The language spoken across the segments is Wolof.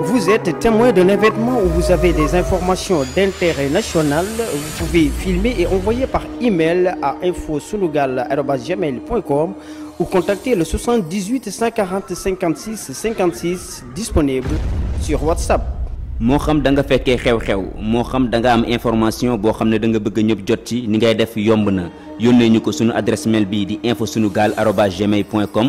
Vous êtes témoin d'un événement où vous avez des informations d'intérêt national. Vous pouvez filmer et envoyer par email à infosunugal.com ou contacter le 78 140 56 56 disponible sur WhatsApp. moo xam da nga fekkee xew-xew moo xam da nga am information boo xam ne da nga bëgg ñëpp jot ci ni ngay def yomb na yónnee ñu ko sunu adresse mail bii di sunu infosunugal arobase gmail point com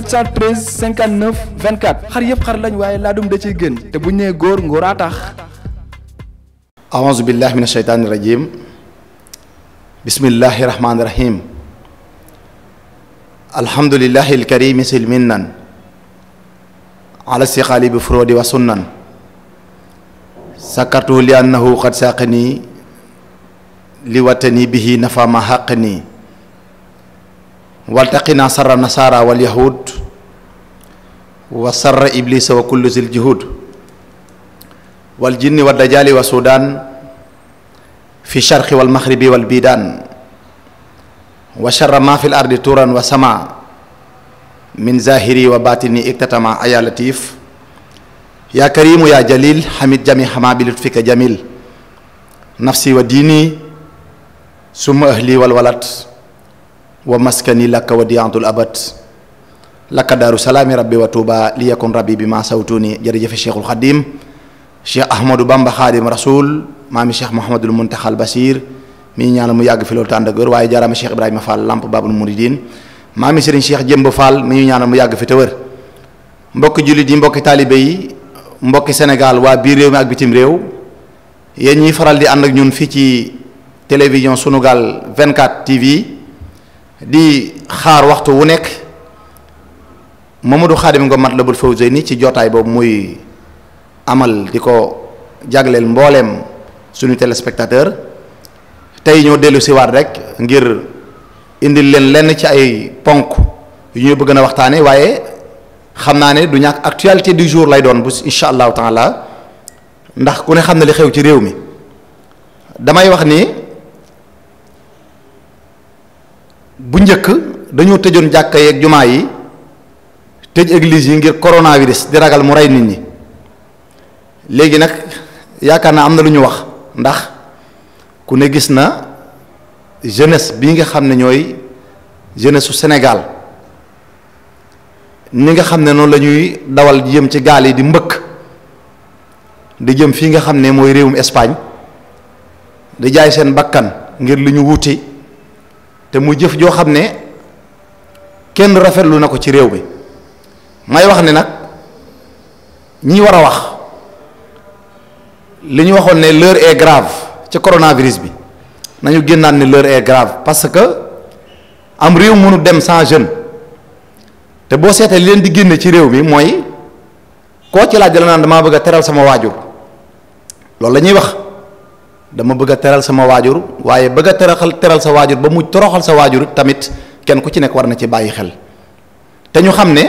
413 59 24 xar yëpp xar lañ waaye laadum da ciy gën te bu ñu nee góor ngóoraa tax. aouzu billahi min asheytaani rajim bismillahi rahmaani rahim li annahu qad saaqani li watani bihi nafa ma xaqani waltaqinaa sarra nasaara wal yahud wa sarra iblisa wa kullu zil juhud wal jinni wa dajaali wa sudaan fi sharqi wal maghribi wal bidaan wa sharra maa fil ardi turan wa sama min zahiri wa batini iktatama aya latif yaa karimu yaa jalil hamid jami hama bi lutfika jamil nafsi wa diini summa ahli wal walat wa maskani lakka wa diyantul abad lakka daaru salaami rabbi wa tuuba li yakun rabbi bi ma sawtuuni jërëjëfe cheikhul xadim cheikh ahmadou bamba xaadim rasoul maami cheikh mouhamadul muntaxal basir mi ñaanal mu yàgg fi loolu tànd ak wér waaye jaaraama cheikh ibrahima fall lamp babul muridin maami sëriñ cheikh jëmb fall mi ñu ñaanal mu yàgg fi te wér mbokki jullit yi mbokki taalibe yi mbokki sénégal waa biir réew mi ak bitim réew yéen ñiy di ànd ak fii ci télévision Sunugal 24 di xaar waxtu wu nekk Mamadou Khadim Ngom Matlabul nii ci jotaay boobu muy amal di ko jagleel mbooleem suñu téléspectateur tey ñoo dellu siwaat rek ngir indil leen lenn ci ay ponk yu ñuy bëgg na waxtaane waaye xam naa ne du ñàkk actualité du jour lay doon bu incha allahu taala ndax ku ne xam na li xew ci réew mi damay wax ni njëkk dañoo tëjoon jàkka yeeg jumaa yi tëj église yi ngir coronavirus di ragal mu rey nit ñi léegi nag yaakaar naa am na lu ñu wax ndax ku ne gis na jeunesse bii nga xam ne ñooy jeunesse su Sénégal ni nga xam ne noonu la ñuy dawal jëm ci gaal yi di mbëkk di jëm fii nga xam ne mooy réewum Espagne di jaay seen bakkan ngir lu ñu wuti te mu jëf joo xam ne kenn rafetlu na ko ci réew mi may wax ne nag ñi war a wax li ñu waxoon ne l'heure et grave ci coronavirus bi nañu génnaat ne l'heure est grave parce que am réew mënu dem sans jeune te boo seetee leen di génne ci réew bi mooy koo ci laaj la naan damaa bëgg a teral sama waajur loolu la ñuy wax. dama bëgg a teral sama waajur waaye bëgg a teraxal teral sa waajur ba mu toroxal sa waajur tamit kenn ku ci nekk war na ci bàyyi xel te ñu xam ne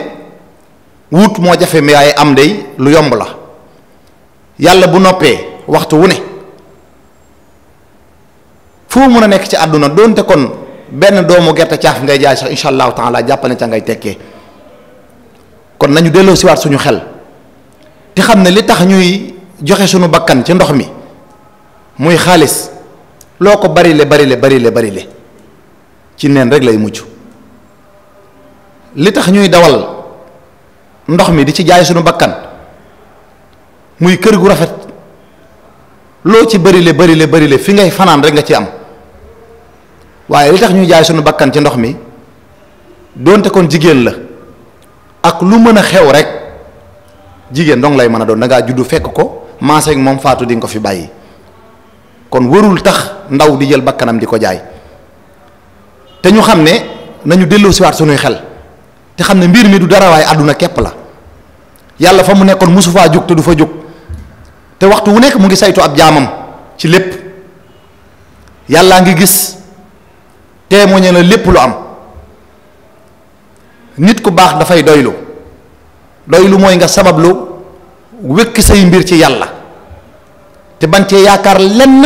wut moo jafe mi waaye am day lu yomb la yàlla bu noppee waxtu wu ne fu mu mën a nekk ci àdduna doonte kon benn doomu gerte caaf ngay jaay sax incha allahu taala jàppale ca ngay tekkee kon nañu delloo siwaat suñu xel te xam ne li tax ñuy joxe suñu bakkan ci ndox mi muy xaalis loo ko barile barile barile barile ci neen rek lay mucc li tax ñuy dawal ndox mi di ci jaay suñu bakkan muy kër gu rafet loo ci barile barile barile fi ngay fanaan rek nga ci am waaye li tax ñuy jaay suñu bakkan ci ndox mi doonte koon jigéen la ak lu mën a xew rek jigéen dong lay mën a doon da ngaa juddu fekk ko maase moom faatu di ko fi bàyyi. kon warul tax ndaw di jël bakkanam di ko jaay te ñu xam ne nañu delloo siwaat sunuy xel te xam ne mbir mi du dara waaye àdduna képp la yàlla fa mu nekkoon mosu faa du fa jóg te waxtu wu nekk mu ngi saytu ab jaamam ci lépp yàllaa ngi gis témoigné na lépp lu am nit ku baax dafay doylu doylu mooy nga sabablu wékk say mbir ci yàlla te bañ cee yaakaar lenn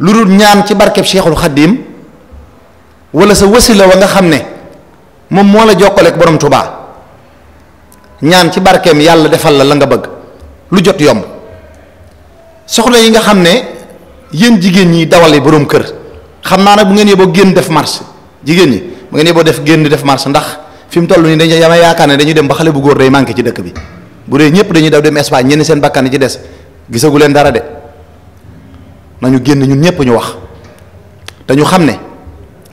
lu dul ñaan ci barkeb Cheikhul Khadim wala sa wasila wa nga xam ne moom moo la jokkaleek borom tubaa ñaan ci barkeem yàlla defal la la nga bëgg lu jot yomb soxna yi nga xam ne yéen jigéen ñi dawale borom kër xam naa nag bu ngeen yeboo génn def marche jigéen ñi bu ngeen yeboo def génn def marche ndax fi mu toll nii dañuy yaakaar ne dañuy dem ba xale bu góor day manqué ci dëkk bi bu dee ñëpp dañuy daw dem Espagne ñenn seen bakkan ci des. gisagu leen dara de nañu génn ñun ñëpp ñu wax dañu xam ne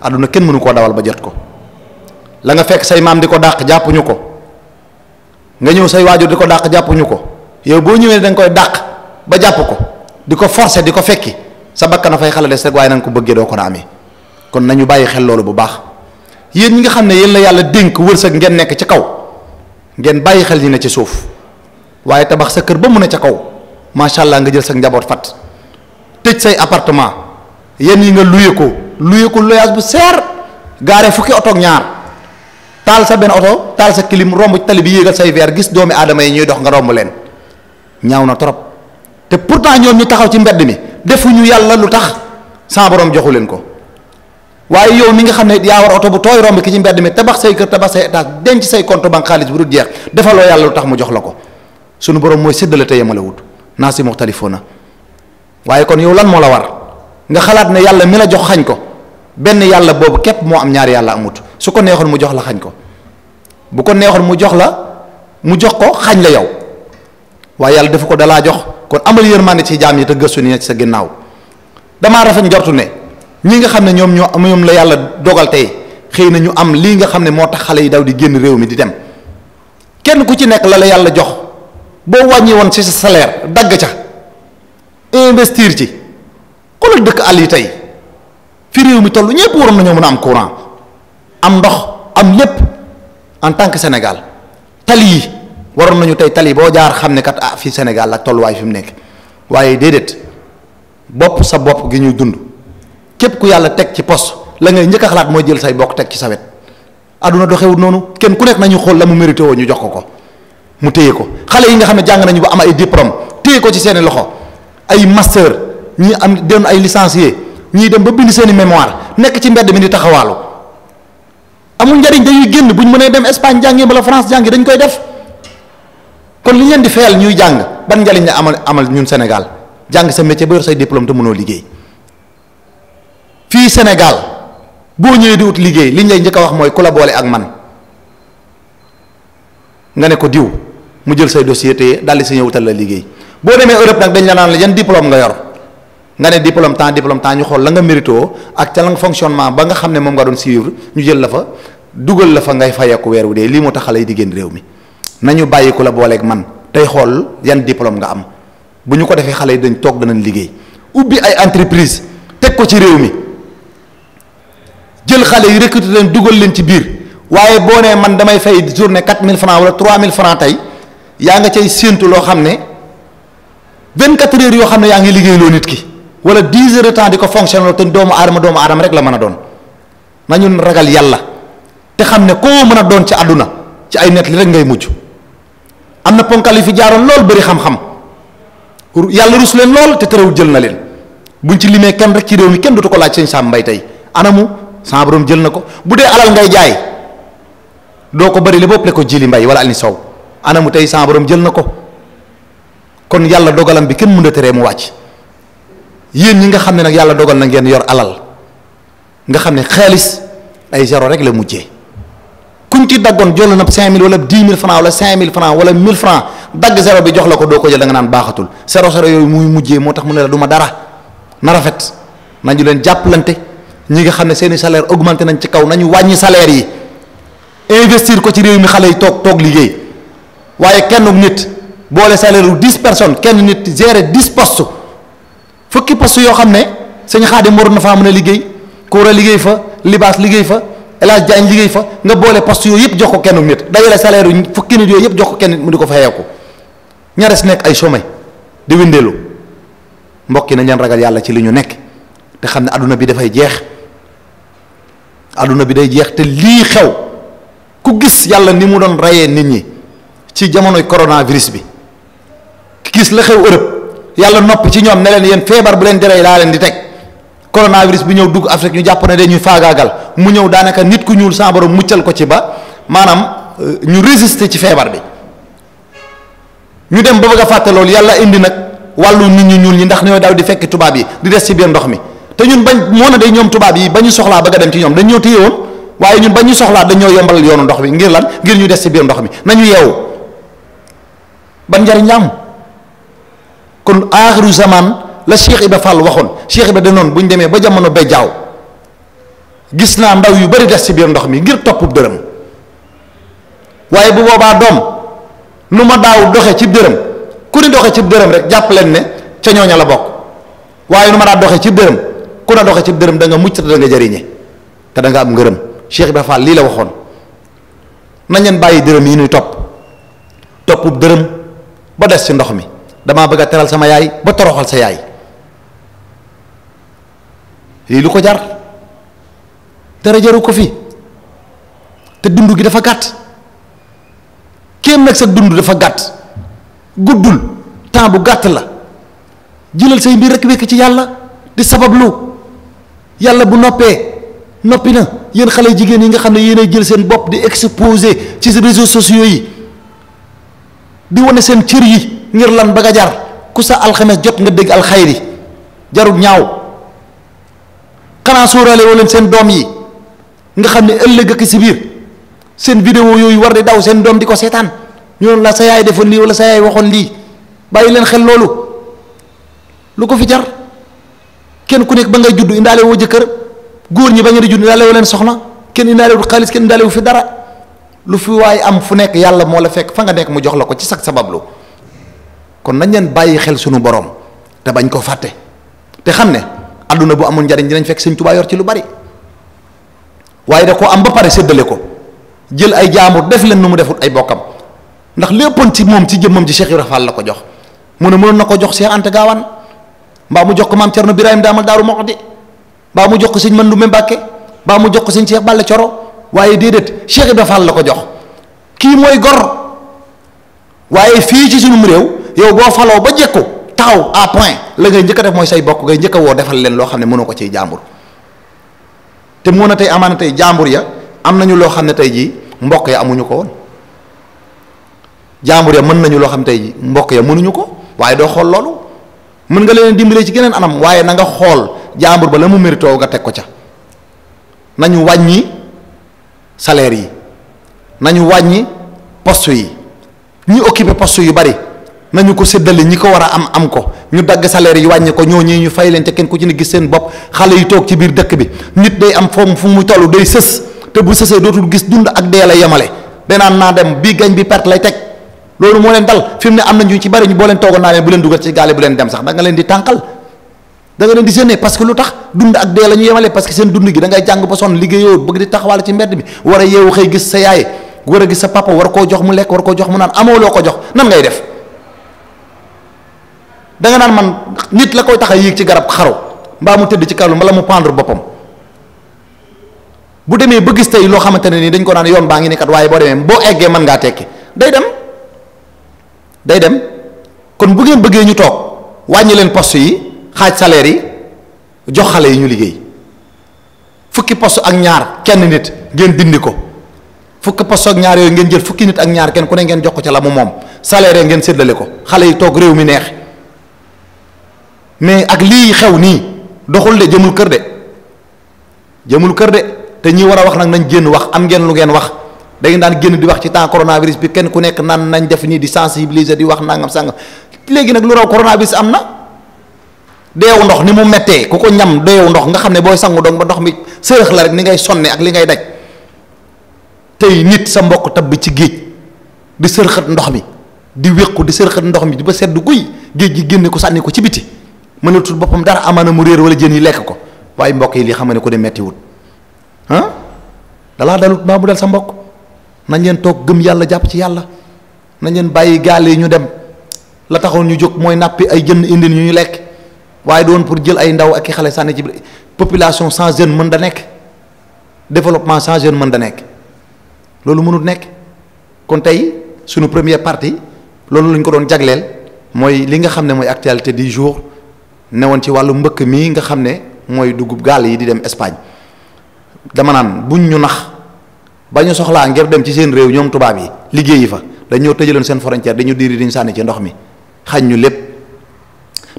àdduna kenn mënu koo dawal ba jot ko la nga fekk say maam di ko dàq jàppuñu ko nga ñëw say waajur di ko dàq jàppuñu ko yow boo ñëwee danga koy dàq ba jàpp ko di ko forcer di ko fekki sa bakkan a fay xala des rek waaye na nga ko bëggee doo ko na amee kon nañu bàyyi xel loolu bu baax yéen ñi nga xam ne yéen la yàlla dénk wërsëg ngeen nekk ci kaw ngeen bàyyi xel ñi ne ci suuf waaye tabax sa kër ba mu ne ca kaw. macha allah nga jël sa njaboot fat tëj say appartement yenn yi nga luye ko luye ko loyaas bu seer gaare fukki oto ak ñaar taal sa benn oto taal sa clim romb tali bi yéegal say verre gis doomi aadama yi ñuy dox nga romb leen ñaaw na trop te pourtant ñoom ñu taxaw ci mbedd mi defuñu yàlla lu tax sans borom joxu leen ko waaye yow ni nga xam ne yaa war oto bu tooy romb ki ci mbedd mi tabax say kër tabax say étage denc say compte banque xaalis bu dul jeex defaloo yàlla lu tax mu jox la ko sunu borom mooy séddale te yemalewut naasi muxtalifuuna waaye kon yow lan moo la war nga xalaat ne yàlla mi la jox xañ ko benn yàlla boobu képp moo am ñaari yàlla amut su ko neexoon mu jox la xañ ko bu ko neexoon mu jox la mu jox ko xañ la yow waaye yàlla dafa ko dalaa jox kon amal yërmande ci jaam yi te gëstu ni ci sa ginnaaw dama rafet njortu ne ñi nga xam ne ñoom ñoo ñoom la yàlla dogal tey xëy na ñu am lii nga xam ne moo tax xale yi daw di génn réew mi di dem kenn ku ci nekk la yàlla jox. boo wàññi woon ci sa salaire dagg ca investir ci xoolal dëkk àll yi tey fi réew mi toll ñëpp waroon nañoo mën a am courant am ndox am lépp en tant que Sénégal tali yi waroon nañu tey tali boo jaar xam ne kat ah fii Sénégal la tolluwaay fi mu nekk waaye déedéet bopp sa bopp gi ñuy dund képp ku yàlla teg ci post la ngay njëkk a xalaat mooy jël say bokk teg ci sa wet àdduna doxewut noonu kenn ku nekk nañu xool la mu mérité ñu jox ko ko mu téye ko xale yi nga xam ne jàng nañu ba am ay diplôme téye ko ci seeni loxo ay master ñi am doon ay licencié ñii dem ba bind seen i nekk ci mbedd mi di taxawaalu amul njariñ dañuy génn bu ñu mënee dem Espagne jàngi wala France jàngi dañ koy def kon li leen di fayal ñuy jàng ban njariñ la amal amal ñun senegal jàng sa métier ba yor say diplôme te mënoo liggéey fii senegal boo ñëwee di wut liggéey li ñu lay njëkk a wax mooy ku boole ak man nga ne ko diw. mu jël say dossier te daldi si ñëwutal la liggéey boo demee Europe nag dañ la naan la yan diplôme nga yor nga ne diplôme temps diplôme ñu xool la nga mérito ak ca la nga fonctionnement ba nga xam ne moom nga doon ñu jël la fa dugal la fa ngay fayeeku weer wu de lii moo tax xale yi di génn réew mi nañu bàyyi ku la booleek man tey xool yan diplôme nga am bu ñu ko defee xale yi dañ toog danañ liggéey ubbi ay entreprise teg ko ci réew mi jël xale yi recruter leen dugal leen ci biir waaye boo nee man damay fay journée 4000 francs wala 3000 francs tey. yaa nga cey séentu loo xam ne 24 heures yoo xam ne yaa ngi liggéey loo nit ki wala 10 heures de di ko fonctionné te doomu aadama doomu aadama rek la mën a doon nañu ragal yàlla te xam ne koo mën a doon ci àdduna ci ay net li rek ngay mujj am na ponkal yi fi jaaroon lool bari xam-xam yàlla rus leen lool te terewul jël na leen buñ ci limee kenn rek ci réew mi kenn dootu ko laaj sëñ Sam Mbaye tey anamu sa borom jël na ko bu dee alal ngay jaay doo ko bëri le bopp le jili mbay wala Aliou Sow mu tey sa borom jël na ko kon yàlla dogalam bi kenn mën a teree mu wàcc yéen ñi nga xam ne nag yàlla dogal na ngeen yor alal nga xam ne xaalis ay zéro rek la mujjee kuñ ci daggoon jël na 5000 wala 10 000 francs wala 5000 francs wala 1000 francs dagg zéro bi jox la ko doo ko jël na nga naan baaxatul zéro zéro yooyu muy mujjee moo tax mu ne la du ma dara na rafet nañu leen jàppalante ñi nga xam ne seeni salaire augmenté nañ ci kaw nañu wàññi salaire yi investir ko ci réew mi xale yi toog toog liggéey. waaye kenn nit boole salaire wu dix personnes kenn nit gérer dix post fukki postes yoo xam ne sëñ Xaadim waroon na faa mën a liggéey Koura liggéey fa Libaas liggéey fa El Hadj Diagne liggéey fa nga boole postes yooyu yëpp jox ko kenn nit dajale salaire yu fukki nit yooyu yëpp jox ko kenn nit mu di ko fayeeku ñaare si nekk ay chômé di windeelu mbokk yi nañ leen ragal yàlla ci li ñu nekk te xam ne àdduna bi dafay jeex àdduna bi day jeex te lii xew ku gis yàlla ni mu doon rayee nit ñi. ci jamonoy coronavirus bi gis la xew Europe yàlla nopp ci ñoom ne leen yéen feebar bu leen deree laa leen di teg coronavirus bi ñëw dugg Afrique ñu jàpp ne ñu faagaagal mu ñëw daanaka nit ku ñuul sa borom muccal ko ci ba maanaam euh, ñu résister ci feebar bi ñu dem ba bëgg a fàtte loolu yàlla indi nag wàllu nit ñu ñuul ñi ndax ñooy daw di fekki tubaab yi di des ci biir ndox mi te ñun bañ moo na day ñoom tubaab yi ba ñu soxlaa bëgg dem ci ñoom dañ ñoo téye ñu soxlaa dañ ñoo yombalal yoonu ndox mi ngir lan ngir ñu des ci biir ndox mi nañu yeewu ban njariñam kon aaxiru zaman la Cheikh ba Fall waxoon Cheikh Ibra danoon bu ñu demee ba jamono bejjaaw gis naa ndaw yu bari des ci biir ndox mi ngir topp dërëm waaye bu boobaa doom nu ma daaw doxe ci dërëm ku ni doxe ci dërëm rek jàpp leen ne ca ñooña la bokk waaye nu ma doxe ci dërëm ku na ci dërëm da nga mucc te da nga jariñe te da nga am ngërëm Cheikh Ibra Fall lii la waxoon nañ bàyyi dërëm yi ñuy topp topp dërëm ba des ci ndox mi damaa bëgg a teral sama yaay ba toroxal sa yaay lii lu ko jar dara jaru ko fi te dund gi dafa gàtt kenn nag sa dund dafa gàtt guddul temps bu gàtt la jëlal say mbir rek wekk ci yàlla di sabablu yàlla bu noppee noppi na yéen xale jigéen yi nga xam ne yéen a jël seen bopp di exposé ci réseaux sociaux yi di wane seen cër yi ngir lan ba nga jar ku sa alxames jot nga dégg alxayri jarul ñaaw xanaa sóoraale woo leen seen doom yi nga xam ne ëllëg ak si biir seen vidéo yooyu war di daw seen doom di ko seetaan ñoon la sa yaay defoon lii wala sa yaay waxoon lii bàyyi leen xel loolu lu ko fi jar kenn ku nekk ba ngay judd indaale woo jëkkër góor ñi ba nga di judd indaale leen soxna kenn indaale wut xaalis kenn indaale wu fi dara. lu fi waay am fu nekk yàlla moo la fekk fa nga nekk mu jox la ko ci sag sabablu kon nañ leen bàyyi xel sunu borom te bañ koo fàtte te xam ne àdduna bu amul njariñ dinañ fekk sëñ Tuubaa yor ci lu bari waaye da koo am ba pare séddale ko jël ay jaamur def leen nu mu defut ay bokkam ndax léppoon ci moom ci jëmmam ji Cheikh Ibra Fall la ko jox mu ne mënoon na ko jox Cheikh Anta Gaawaan mbaa mu jox ko maam Cerno Birahim Daamal Daaru Moxdi mbaa mu jox ko sëñ Mandume Mbàkke mbaa mu jox ko sëñ Cheikh Balla Coro waaye déedéet Cheikh Ibra Fall la ko jox kii mooy gor waaye fii ci sunum réew yow boo faloo ba jekku taxaw à point la ngay njëkk def mooy say bokk ngay njëkk woo defal leen loo xam ne mënu ko ciy jàmbur te moo na tey amaana tey jàmbur ya am nañu loo xam ne tey jii mbokk ya amuñu ko woon jàmbur ya mën nañu loo xam tey jii mbokk ya mënuñu ko waaye doo xool loolu mën nga leen dimbalee ci geneen anam waaye nanga xool jàmbur ba la mu méritoo nga teg ko ca nañu wàññi. salaire yi nañu wàññi poste yi ñi occupé poste yu bari nañu ko séddale ñi ko war a am am ko ñu dagg salaire yi wàññi ko ñoo ñi ñu fay leen te kenn ku ci ne gis seen bopp xale yu toog ci biir dëkk bi nit day am foom fu mu toll day sës te bu sësee dootul gis dund ak dee la yemale danaan naa dem bii gañ bi perte lay teg loolu moo leen dal fi ne am na ci bari boo leen toogoon naa leen bu leen dugal ci gaale bu leen dem sax danga leen di tànqal da nga di jeûner parce que lu tax dund ak dee la ñu yemale parce que seen dund gi da ngay jàng ba sonn liggéeyoo bëgg di taxawal ci mbedd bi war a yeewu xëy gis sa yaay war a gis sa papa war koo jox mu lekk war koo jox mu naan amoo loo ko jox nan ngay def da nga naan man nit la koy tax a yéeg ci garab xaru mbaa mu tëdd ci kàllu mbala mu pendre boppam bu demee ba gis tey loo xamante ne nii dañ ko naan yoon baa ngi ne kat waaye boo demee boo eggee mën ngaa day dem day dem kon bu ngeen bëggee ñu toog wàññi leen poste yi. xaaj salaire yi jox xale yi ñu liggéey fukki poste ak ñaar kenn nit ngeen dindi ko fukki poste ak ñaar yooyu ngeen jël fukki nit ak ñaar kenn ku ne ngeen jox ko ca la mu moom salaire ngeen séddale ko xale yi toog réew mi neex mais ak lii xew nii doxul de jëmul kër de jëmul kër de te ñi war a wax nag nañ génn wax am ngeen lu ngeen wax da ngeen daan génn di wax ci temps coronavirus bi kenn ku nekk nan nañ def nii di sensibiliser di wax nangam sàngam léegi deewu ndox ni mu mettee ku ko ñam deewu ndox nga xam ne booy sangu doom ba ndox mi sërëx la rek ni ngay sonne ak li ngay daj tey nit sa mbokk tab bi ci géej di sërxat ndox mi di wéqu di sërxat ndox mi di ba sedd guy géej gi génne ko sànni ko ci biti mënatul boppam dara na mu réer wala jën yi lekk ko waaye mbokk yi li xam ne ku ne mettiwut ah dalaa dalut maa bu dal sa mbokk nañ leen toog gëm yàlla jàpp ci yàlla nañ leen bàyyi gaal yi ñu dem la taxoon ñu jóg mooy nappi ay jën indi ñu ñu lekk waaye doon pour jël ay ndaw ak i xale sànni ci population sans mën da nekk développement sans mën da nekk loolu mënut nekk kon tey suñu premier partie loolu lañ ko doon jagleel mooy li nga xam ne mooy actualité di jours newoon ci wàllu mbëkk mii nga xam ne mooy dugub gaal yi di dem Espagne dama naan buñ ñu nax ba ñu soxlaa ngir dem ci seen réew ñoom tubaab yi liggéey fa dañoo tëjaloon seen frontière dañu diiri diñ sànni ci ndox mi xañ ñu lépp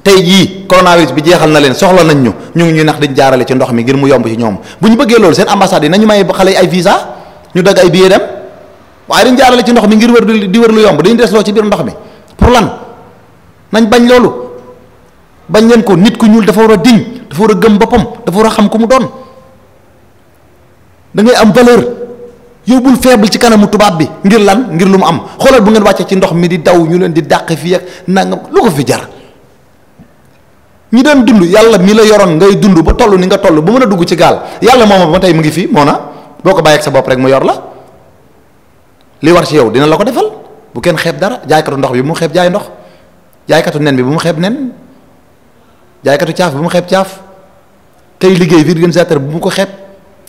tey jii coronavirus bi jeexal na leen soxla nañ ñu ñu ngi ñuy nax dañ jaarale ci ndox mi ngir mu yomb ci ñoom bu ñu bëggee loolu seen ambassade yi nañu may xale yi ay visa ñu dagg ay billet dem waaye dañ jaarale ci ndox mi ngir wër di wër lu yomb dañu des loo ci biir ndox mi pour lan nañ bañ loolu bañ leen ko nit ku ñuul dafa war a diñ dafa war a gëm boppam dafa war a xam ku mu doon dangay am valeur yow bul faible ci kanamu tubaab bi ngir lan ngir lu am xoolal bu ngeen wàccee ci ndox mi di daw ñu leen di dàq fii ak nangam lu ko fi jar ñi doon dund yàlla mi la yoroon ngay dund ba toll ni nga toll ba mën a dugg ci gaal yàlla moom ba tey mu ngi fi moo na boo ko bàyyeeg sa bopp rek mu yor la li war ci yow dina la ko defal bu kenn xeeb dara jaaykatu ndox bi bu mu xeeb jaay ndox jaaykatu nen bi bu mu xeeb nen jaaykatu caaf bu mu xeeb caaf kay liggéey virganisateur bu mu ko xeeb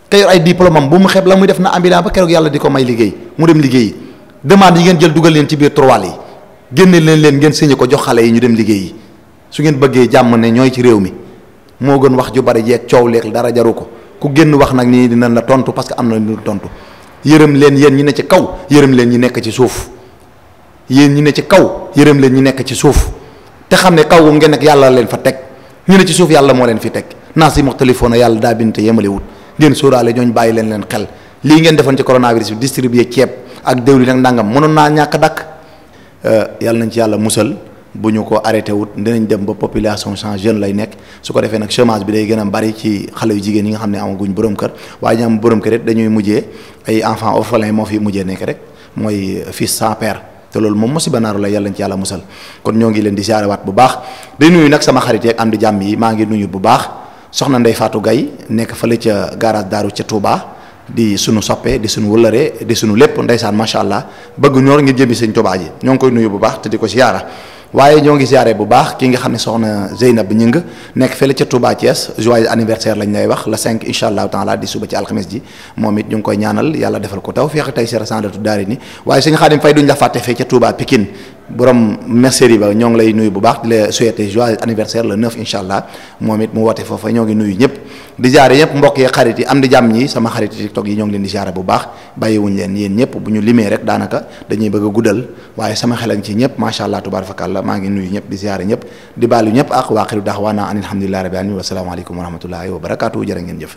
kay yor ay diplôme bu mu xeeb la muy def na ambulant ba keroog yàlla di ko may liggéey mu dem liggéeyi demande yi ngeen jël dugal leen ci biir trois yi génne leen leen ngeen signé ko jox xale yi ñu dem liggéeyi su ngeen bëggee jàmm ne ñooy ci réew mi moo gën wax ju bari jeeg coow leeg dara jaru ko ku génn wax nag nii dina la tontu parce que am na lu tontu yërëm leen yéen ñi ne ci kaw yërëm leen ñi nekk ci suuf yéen ñi ne ci kaw yërëm leen ñi nekk ci suuf te xam ne kaw ngeen nag yàlla leen fa teg ñu ne ci suuf yàlla moo leen fi teg naa si muxtalifoona yàlla daa binte yemalewut ngeen sóoraale ñooñ bàyyi leen leen xel lii ngeen defoon ci coronavirus bi distribuer ceeb ak déwlin ak nangam mënoon naa ñàkk dakk euh, yàlla nañ ci yàlla musal bu ñu ko arrêté wut dinañ dem ba population sans jeune lay nekk su ko defee nag chômage bi day gën a bari ci xale yu jigéen yi nga xam ne amaguñ borom kër waaye ñu am borom kër it dañuy mujjee ay enfants orphelins moo fi mujjee nekk rek mooy fils sans père te loolu moom musiba naaru la yàlla nañ ci yàlla musal kon ñoo ngi leen di waat bu baax di nuyu nag sama xarit yeeg am di jàmm yi maa ngi nuyu bu baax soxna Ndeye faatu gay nekk fële ca garage Daaru ca Touba. di sunu soppe di sunu wëllare di sunu lépp ndeysaan macha allah bëgg ñor ngir jëmi sëñ Tuubaa ji ñoo ngi koy nuyu bu baax te di ko siyaara waaye ñoo ngi ziare bu baax ki nga xam ne soxna Zeynab Ñing nekk fële ca Touba Thiès joyeux anniversaire lañ lay wax le 5 incha allahu taala di suba ci alxames ji moom it ñu ngi koy ñaanal yàlla defal ko taw feex tey sera sandatu daari ni waaye sëñ Xaadim Fay duñ la fàtte fee ca Touba Pikine borom mercerie ba ñoo ngi lay nuyu bu baax di la souhaiter joyeux anniversaire le 9 incha allah moom it mu woote foofa ñoo ngi nuyu ñëpp di jaare ñëpp mbokk yi xarit yi am di jàmm ñi sama xarit TikTok yi ñoo ngi leen di jaare bu baax bàyyiwuñ leen yéen ñëpp bu ñu limee rek daanaka dañuy bëgg a guddal waaye sama xel a ngi ci ñëpp a allah tabarakallah maa ngi nuyu ñëpp di jaare ñëpp di baalu ñëpp ak waaxiru daax waanaa an alhamdulillahi rabbil alamin wa salaamu aleykum wa rahmatullahi ngeen jëf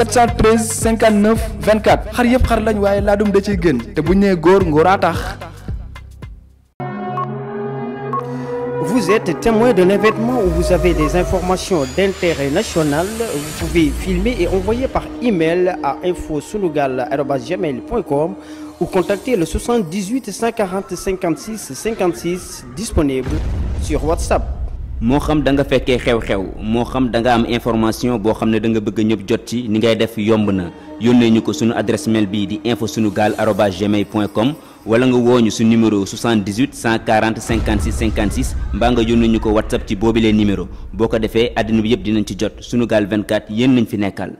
713 59 24 xar yëpp xar lañ waaye laadum da ciy gën te bu ñu nee góor tax. Vous êtes témoin d'un événement où vous avez des informations d'intérêt national, vous pouvez filmer et envoyer par email à infosunugal@gmail.com ou contacter le disponible sur WhatsApp. moo xam da nga fekkee xew-xew moo xam danga am information boo xam ne da nga bëgg ñëpp jot ci ni ngay def yomb na yónnee ñu ko sunu adresse mail bii di info sunu gaal arobase gmail point com wala nga woo ñu su numéro 78 140 56 56 mbaa nga yónnee ñu ko whatsapp ci boobilee numéro boo ko defee àddina bi yëpp dinañ ci jot sunu gaal 24 yéen nañ fi nekkal.